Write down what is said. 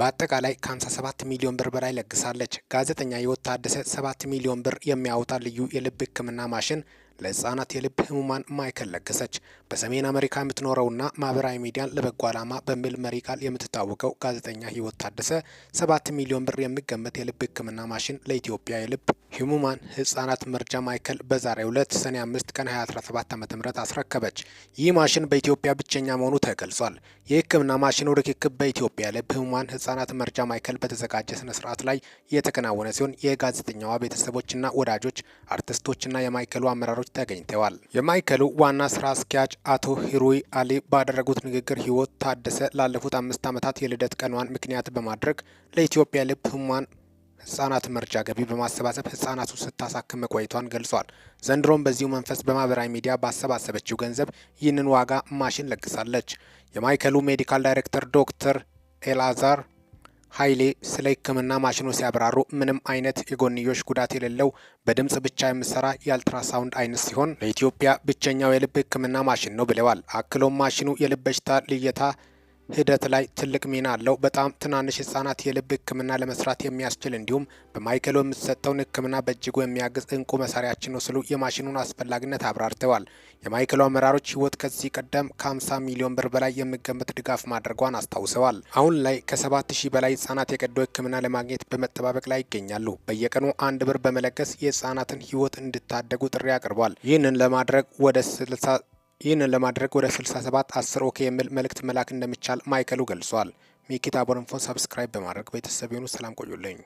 በአጠቃላይ ከ57 ሚሊዮን ብር በላይ ለግሳለች። ጋዜጠኛ ህይወት ታደሰ 7 ሚሊዮን ብር የሚያወጣ ልዩ የልብ ህክምና ማሽን ለህጻናት የልብ ህሙማን ማዕከል ለገሰች። በሰሜን አሜሪካ የምትኖረውና ማህበራዊ ሚዲያን ለበጎ ዓላማ በሚል መሪ ቃል የምትታወቀው ጋዜጠኛ ህይወት ታደሰ ሰባት ሚሊዮን ብር የሚገመት የልብ ህክምና ማሽን ለኢትዮጵያ የልብ ሂሙማን ህጻናት መርጃ ማዕከል በዛሬው ዕለት ሰኔ 5 ቀን 2017 ዓ.ም አስረከበች። ይህ ማሽን በኢትዮጵያ ብቸኛ መሆኑ ተገልጿል። የህክምና ማሽኑ ርክክብ በኢትዮጵያ ልብ ህሙማን ህጻናት መርጃ ማዕከል በተዘጋጀ ስነ ስርዓት ላይ የተከናወነ ሲሆን የጋዜጠኛዋ ቤተሰቦችና ወዳጆች፣ አርቲስቶችና የማዕከሉ አመራሮች ተገኝተዋል። የማዕከሉ ዋና ስራ አስኪያጅ አቶ ሂሩይ አሊ ባደረጉት ንግግር ህይወት ታደሰ ላለፉት አምስት ዓመታት የልደት ቀኗን ምክንያት በማድረግ ለኢትዮጵያ ልብ ህሙማን ህጻናት መርጃ ገቢ በማሰባሰብ ህጻናቱ ስታሳክም መቆየቷን ገልጿል። ዘንድሮም በዚሁ መንፈስ በማህበራዊ ሚዲያ ባሰባሰበችው ገንዘብ ይህንን ዋጋ ማሽን ለግሳለች። የማዕከሉ ሜዲካል ዳይሬክተር ዶክተር ኤልአዛር ኃይሌ ስለ ህክምና ማሽኑ ሲያብራሩ ምንም አይነት የጎንዮሽ ጉዳት የሌለው በድምፅ ብቻ የምሰራ የአልትራሳውንድ አይነት ሲሆን ለኢትዮጵያ ብቸኛው የልብ ህክምና ማሽን ነው ብለዋል። አክሎም ማሽኑ የልብ በሽታ ልየታ ሂደት ላይ ትልቅ ሚና አለው። በጣም ትናንሽ ህጻናት የልብ ህክምና ለመስራት የሚያስችል እንዲሁም በማይከሎ የምትሰጠውን ህክምና በእጅጉ የሚያግዝ እንቁ መሳሪያችን ነው ስሉ የማሽኑን አስፈላጊነት አብራርተዋል። የማይከሎ አመራሮች ህይወት ከዚህ ቀደም ከ50 ሚሊዮን ብር በላይ የሚገመት ድጋፍ ማድረጓን አስታውሰዋል። አሁን ላይ ከ7000 በላይ ህጻናት የቀዶ ህክምና ለማግኘት በመጠባበቅ ላይ ይገኛሉ። በየቀኑ አንድ ብር በመለገስ የህጻናትን ህይወት እንድታደጉ ጥሪ አቅርቧል። ይህንን ለማድረግ ወደ 60 ይህንን ለማድረግ ወደ 67 10 ኦኬ የሚል መልእክት መላክ እንደሚቻል ማዕከሉ ገልጿል። ሚኪታ ቦረንፎን ሰብስክራይብ በማድረግ ቤተሰብ ሰላም ቆዩልኝ።